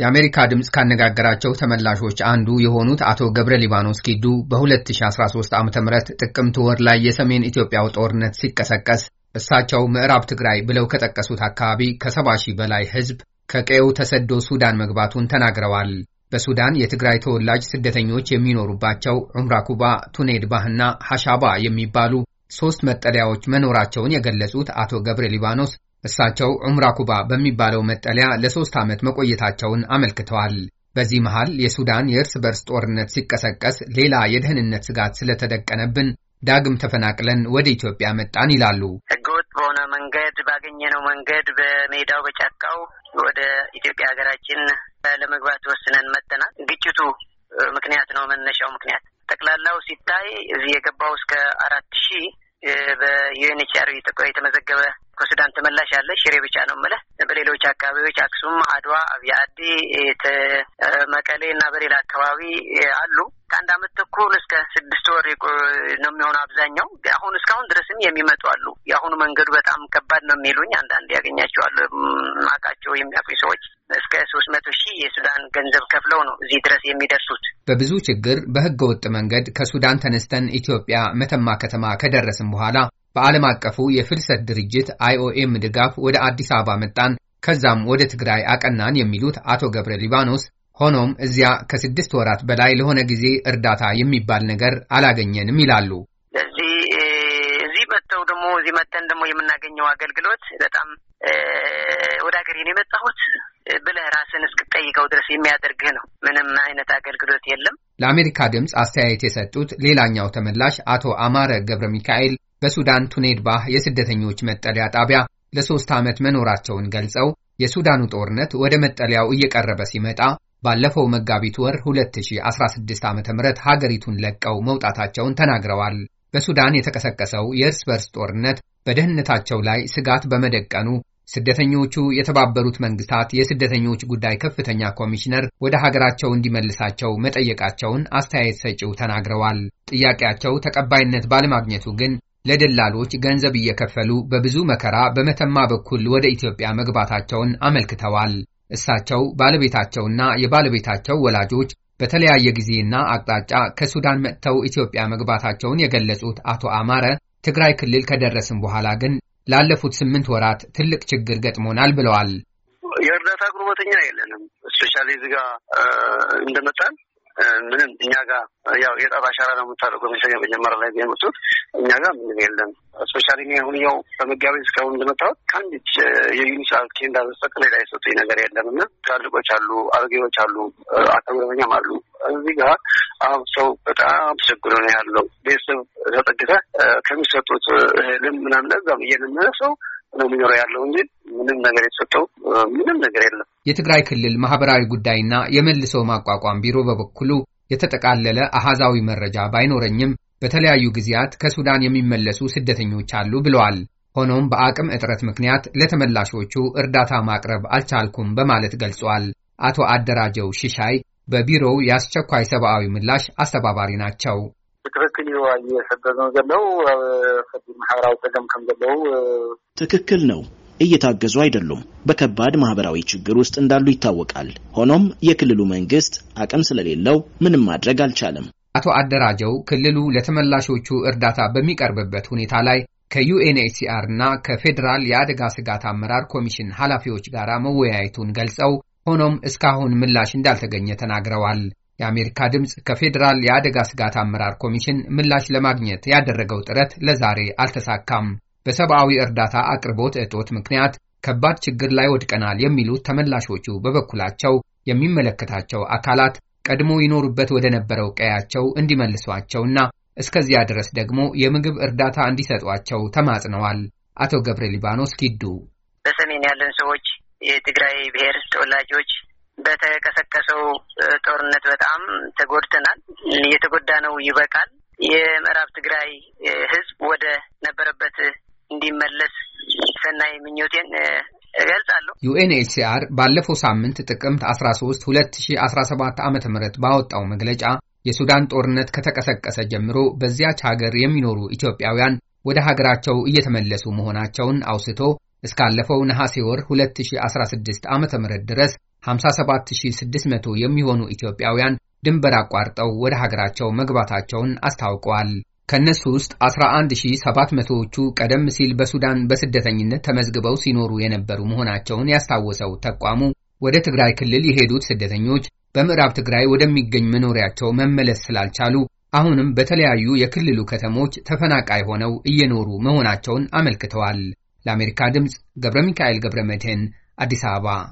የአሜሪካ ድምፅ ካነጋገራቸው ተመላሾች አንዱ የሆኑት አቶ ገብረ ሊባኖስ ኪዱ በ2013 ዓ ም ጥቅምት ወር ላይ የሰሜን ኢትዮጵያው ጦርነት ሲቀሰቀስ እሳቸው ምዕራብ ትግራይ ብለው ከጠቀሱት አካባቢ ከሰባ ሺህ በላይ ሕዝብ ከቀዩ ተሰዶ ሱዳን መግባቱን ተናግረዋል። በሱዳን የትግራይ ተወላጅ ስደተኞች የሚኖሩባቸው ዑምራኩባ፣ ቱኔድባህና ሐሻባ የሚባሉ ሦስት መጠለያዎች መኖራቸውን የገለጹት አቶ ገብረ ሊባኖስ እሳቸው ዑምራ ኩባ በሚባለው መጠለያ ለሶስት ዓመት መቆየታቸውን አመልክተዋል። በዚህ መሃል የሱዳን የእርስ በርስ ጦርነት ሲቀሰቀስ ሌላ የደህንነት ስጋት ስለተደቀነብን ዳግም ተፈናቅለን ወደ ኢትዮጵያ መጣን ይላሉ። ህገወጥ በሆነ መንገድ ባገኘነው መንገድ በሜዳው በጫካው ወደ ኢትዮጵያ ሀገራችን ለመግባት ወስነን መጥተናል። ግጭቱ ምክንያት ነው መነሻው ምክንያት ጠቅላላው ሲታይ እዚህ የገባው እስከ አራት ሺህ በዩኤንኤችሲአር የተመዘገበ ከሱዳን ተመላሽ ያለ ሽሬ ብቻ ነው የምልህ። በሌሎች አካባቢዎች አክሱም፣ አድዋ፣ አብያዲ አዲ፣ መቀሌ እና በሌላ አካባቢ አሉ። ከአንድ አመት ተኩል እስከ ስድስት ወር ነው የሚሆኑ አብዛኛው አሁን እስካሁን ድረስም የሚመጡ አሉ። የአሁኑ መንገዱ በጣም ከባድ ነው የሚሉኝ አንዳንድ ያገኛቸዋሉ ማቃቸው የሚያውቁኝ ሰዎች እስከ ሶስት መቶ ሺህ የሱዳን ገንዘብ ከፍለው ነው እዚህ ድረስ የሚደርሱት። በብዙ ችግር በህገ ወጥ መንገድ ከሱዳን ተነስተን ኢትዮጵያ መተማ ከተማ ከደረስም በኋላ በዓለም አቀፉ የፍልሰት ድርጅት አይኦኤም ድጋፍ ወደ አዲስ አበባ መጣን፣ ከዛም ወደ ትግራይ አቀናን የሚሉት አቶ ገብረ ሊባኖስ ሆኖም እዚያ ከስድስት ወራት በላይ ለሆነ ጊዜ እርዳታ የሚባል ነገር አላገኘንም ይላሉ። እዚህ መጥተው ደግሞ እዚህ መጥተን ደግሞ የምናገኘው አገልግሎት በጣም ወደ ሀገሬ ነው የመጣሁት ብለህ ራስን እስክጠይቀው ድረስ የሚያደርግህ ነው። ምንም አይነት አገልግሎት የለም። ለአሜሪካ ድምፅ አስተያየት የሰጡት ሌላኛው ተመላሽ አቶ አማረ ገብረ ሚካኤል በሱዳን ቱኔድባህ የስደተኞች መጠለያ ጣቢያ ለሶስት ዓመት መኖራቸውን ገልጸው የሱዳኑ ጦርነት ወደ መጠለያው እየቀረበ ሲመጣ ባለፈው መጋቢት ወር 2016 ዓ ም ሀገሪቱን ለቀው መውጣታቸውን ተናግረዋል። በሱዳን የተቀሰቀሰው የእርስ በርስ ጦርነት በደህንነታቸው ላይ ስጋት በመደቀኑ ስደተኞቹ የተባበሩት መንግስታት የስደተኞች ጉዳይ ከፍተኛ ኮሚሽነር ወደ ሀገራቸው እንዲመልሳቸው መጠየቃቸውን አስተያየት ሰጪው ተናግረዋል። ጥያቄያቸው ተቀባይነት ባለማግኘቱ ግን ለደላሎች ገንዘብ እየከፈሉ በብዙ መከራ በመተማ በኩል ወደ ኢትዮጵያ መግባታቸውን አመልክተዋል። እሳቸው ባለቤታቸውና የባለቤታቸው ወላጆች በተለያየ ጊዜና አቅጣጫ ከሱዳን መጥተው ኢትዮጵያ መግባታቸውን የገለጹት አቶ አማረ ትግራይ ክልል ከደረስን በኋላ ግን ላለፉት ስምንት ወራት ትልቅ ችግር ገጥሞናል ብለዋል። የእርዳታ ጉርበተኛ የለንም። ስፔሻሊ እዚህ ጋ እንደመጣን ምንም እኛ ጋር ያው የጠብ አሻራ ነው የምታደርገው መሰለኝ መጀመሪያ ላይ የመጡት እኛ ጋር ምንም የለም። ስፔሻሊ አሁን ያው በመጋቢ እስካሁን እንደመጣሁት ከአንድ የዩኒሳ ኬንዳ በስተቀር ሌላ የሰጡኝ ነገር የለም እና ትላልቆች አሉ፣ አሮጌዎች አሉ፣ አተምረበኛም አሉ። እዚህ ጋር አሁን ሰው በጣም ተቸግሮ ነው ያለው። ቤተሰብ ተጠግተ ከሚሰጡት እህልም ምናምን ለዛም እየለመነ ሰው ነው የሚኖረው ያለው እንጂ ምንም ነገር የተሰጠው ምንም ነገር የለም። የትግራይ ክልል ማህበራዊ ጉዳይና የመልሶ ማቋቋም ቢሮ በበኩሉ የተጠቃለለ አሃዛዊ መረጃ ባይኖረኝም በተለያዩ ጊዜያት ከሱዳን የሚመለሱ ስደተኞች አሉ ብለዋል። ሆኖም በአቅም እጥረት ምክንያት ለተመላሾቹ እርዳታ ማቅረብ አልቻልኩም በማለት ገልጿል። አቶ አደራጀው ሽሻይ በቢሮው የአስቸኳይ ሰብአዊ ምላሽ አስተባባሪ ናቸው። ትክክል እዩ ነው ዘለው ከቢድ ማሕበራዊ ፀገም ከም ዘለው ትክክል ነው። እየታገዙ አይደሉም። በከባድ ማህበራዊ ችግር ውስጥ እንዳሉ ይታወቃል። ሆኖም የክልሉ መንግስት አቅም ስለሌለው ምንም ማድረግ አልቻለም። አቶ አደራጀው ክልሉ ለተመላሾቹ እርዳታ በሚቀርብበት ሁኔታ ላይ ከዩኤንኤችሲአር እና ከፌዴራል የአደጋ ስጋት አመራር ኮሚሽን ኃላፊዎች ጋር መወያየቱን ገልጸው ሆኖም እስካሁን ምላሽ እንዳልተገኘ ተናግረዋል። የአሜሪካ ድምፅ ከፌዴራል የአደጋ ስጋት አመራር ኮሚሽን ምላሽ ለማግኘት ያደረገው ጥረት ለዛሬ አልተሳካም። በሰብአዊ እርዳታ አቅርቦት እጦት ምክንያት ከባድ ችግር ላይ ወድቀናል የሚሉት ተመላሾቹ በበኩላቸው የሚመለከታቸው አካላት ቀድሞ ይኖሩበት ወደ ነበረው ቀያቸው እንዲመልሷቸውና እስከዚያ ድረስ ደግሞ የምግብ እርዳታ እንዲሰጧቸው ተማጽነዋል። አቶ ገብረ ሊባኖስ ኪዱ በሰሜን ያለን ሰዎች የትግራይ ብሔር ተወላጆች በተቀሰቀሰው ጦርነት በጣም ተጎድተናል። የተጎዳነው ይበቃል። የምዕራብ ትግራይ ህዝብ ወደ ነበረበት እንዲመለስ ሰናይ ምኞቴን እገልጻለሁ። ዩኤንኤችሲአር ባለፈው ሳምንት ጥቅምት አስራ ሶስት ሁለት ሺ አስራ ሰባት ባወጣው መግለጫ የሱዳን ጦርነት ከተቀሰቀሰ ጀምሮ በዚያች ሀገር የሚኖሩ ኢትዮጵያውያን ወደ ሀገራቸው እየተመለሱ መሆናቸውን አውስቶ እስካለፈው ነሐሴ ወር 2016 ዓ.ም ድረስ 57600 የሚሆኑ ኢትዮጵያውያን ድንበር አቋርጠው ወደ ሀገራቸው መግባታቸውን አስታውቀዋል። ከእነሱ ውስጥ 11700ዎቹ ቀደም ሲል በሱዳን በስደተኝነት ተመዝግበው ሲኖሩ የነበሩ መሆናቸውን ያስታወሰው ተቋሙ ወደ ትግራይ ክልል የሄዱት ስደተኞች በምዕራብ ትግራይ ወደሚገኝ መኖሪያቸው መመለስ ስላልቻሉ አሁንም በተለያዩ የክልሉ ከተሞች ተፈናቃይ ሆነው እየኖሩ መሆናቸውን አመልክተዋል። ለአሜሪካ ድምፅ ገብረ ሚካኤል ገብረ መድህን አዲስ አበባ